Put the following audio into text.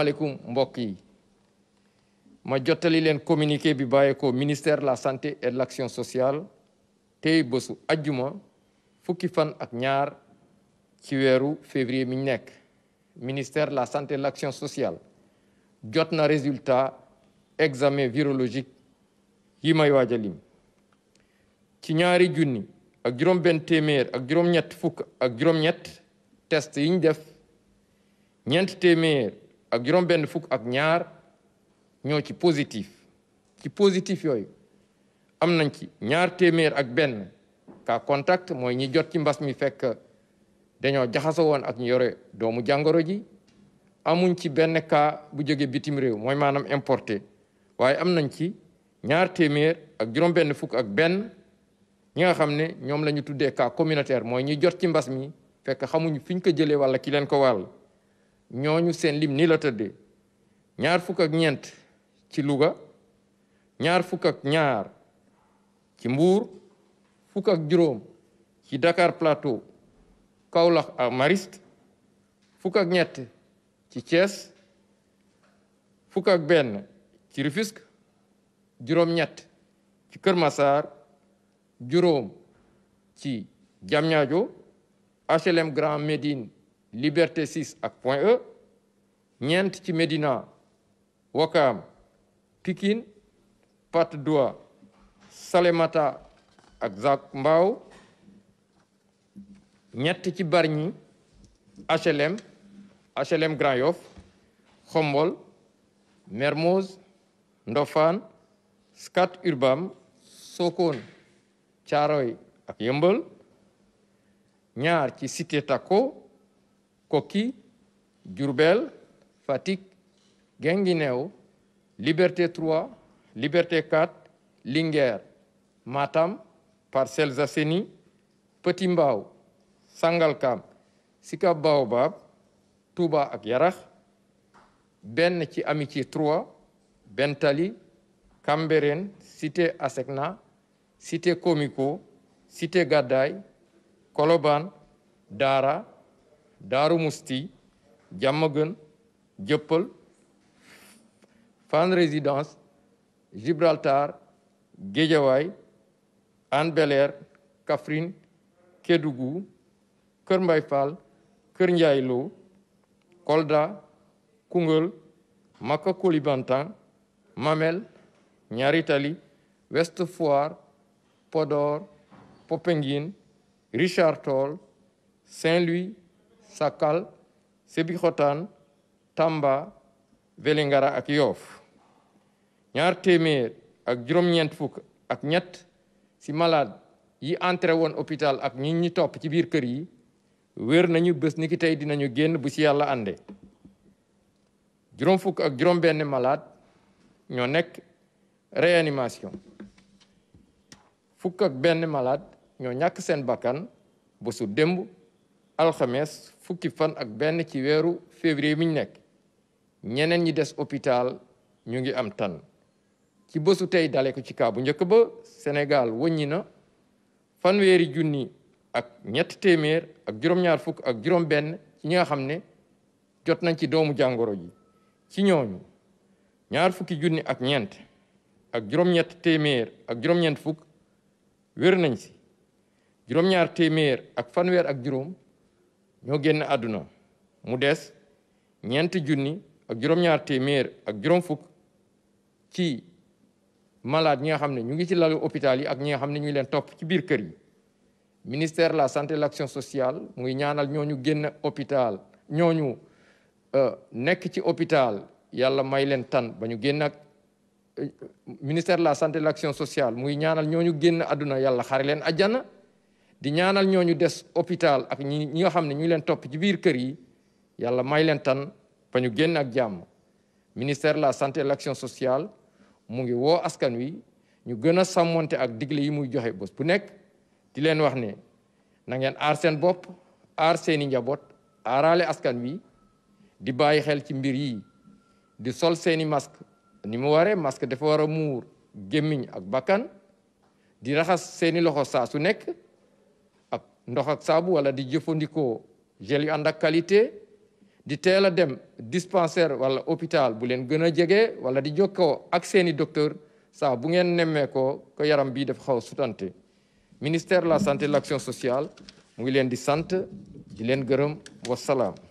asalaamaaleykum mbokk yi ma jottali leen communiqué bi bàyyeekoo ministère la santé et de l'action sociale tey bésu ajjuma fukki fan ak ñaar ci weeru février mi nekk ministère la santé et l'action sociale jot na résultat examen virologique yi may waaj a lim ci ñaari junni ak juróom-benn téeméer ak juróom-ñett fukk ak juróom-ñett test yi def ñeent téeméer ak juróom-benn fukk ak ñaar ñoo ci positif ci positif yooyu am nañ ci ñaar téeméer ak benn cas contact mooy ñi jot ci mbas mi fekk dañoo jaxasoo woon ak ñu yore doomu jàngoro ji amuñ ci benn kaa bu jóge bitim réew mooy maanaam importé waaye am nañ ci ñaar téeméer ak juróom-benn fukk ak benn ñi nga xam ne ñoom la ñu tuddee ka communautaire mooy ñi jot ci mbas mi fekk xamuñu fi ñu ko jëlee wala ki leen ko wàll ñooñu seen lim ni la tëddee ñaar fukk ak ñeent ci Louga ñaar fukk ak ñaar ci mbuur fukk ak juróom ci Dakar Plateau Kaolack ak Mariste fukk ak ñett ci Thiès fukk ak benn ci Rufisque juróom-ñett ci Kër Massar juróom ci Diamniadio HLM Grand Médine Liberté 6 ak Point E ñeent ci Médina wokam Pikine Patte d'Oie salemata ak Zac Mbao ñett ci Bargny HLM HLM Grand Yoff Khombol Mermoz Ndofane Scat Urbam Sokone Thiaroye ak Yeumbeul ñaar ci Cité Taco Koki Diourbel Fatick Guinguinéo Liberté 3 Liberté 4 Linguère Matam Parcelles Assainies Petit Mbao Sangalkam Sicap Baobab Touba ak Yarax benn ci Amitié 3 Bentali Cambérène Cité Asecna Cité Comico Cité Gadaye Colobane Dara Daaru Musti Diamaguène Dieuppeul Fann Résidence Gibraltar géjawaay Hann Bel-Air Kaffrine Kédougou Kër Mbay Fall Kolda Koungheul Maka Koulibantang Mamel ñaaritali Tali Ouest Foire Richard Toll Saint-Louis Sakal Sébikotane tàmba Vélingara ak Yoff ñaar téeméer ak juróom-ñeent fukk ak ñett ci malade yi entré woon hôpital ak ñi ñi topp ci biir kër yi wér nañu bés ni ki tey dinañu génn bu ci yàlla ànde juróom fukk ak juróom benn malade ñoo nekk réanimation fukk ak benn malade ñoo ñàkk seen bakkan bésu démb alxames fukki fan ak benn ci weeru février miñ nekk ñeneen ñi des hôpital ñu ngi am tan ci bësu tey dale ko ci kaa njëkk ba Sénégal wëññi na fanweeri junni ak ñett téeméer ak juróom ak juróom ñi nga xam ne jot nañ ci doomu jàngoro ji ci ñooñu ñaar ak ñeent ak juróom-ñett fukk wér nañ si juróom-ñaar téeméer ak fanweer ak juróom ñoo génn àdduna mu des ñeenti junni ak juróom-ñaar téeméer ak juróom fukk ci malade ñi nga xam ne ñu ngi ci lalu hôpital yi ak ñi nga xam ne ñu ngi leen topp ci biir kër yi ministère la santé l' sociale mu ngi ñaanal ñooñu génn hôpital ñooñu euh, nekk ci hôpital yàlla may leen tan ba ñu génn ak euh, ministère la santé et de l'action sociale muy ñaanal ñooñu génn àdduna yàlla xare leen àjjana di ñaanal ñooñu des hôpital ak ñi ñi nga xam ne ñu leen topp ci biir kër yi yàlla may leen tan pañu génn ak jàmm ministère de la santé et sociale mu ngi woo askan wi ñu gën a sàmmonte ak digle yi muy joxe bos bu nekk di leen wax ne na ngeen aar seen bopp aar seeni njaboot aarale askan wi di bàyyi xel ci mbir yi di sol seeni masque ni mu waree masque dafa war a muur gémmiñ ak bakkan di raxas seeni loxo saa su nekk ndox ak saabu wala di jëfandikoo gel yu ànd ak qualité di teel a dem dispensaire wala hôpital bu leen gën a jege wala di jokkoo ak seeni docteur saa bu ngeen nemmee ko yaram bii def xaw a sutante ministère la santé et de l'action sociale mu ngi leen di sant di leen gërëm wasalaam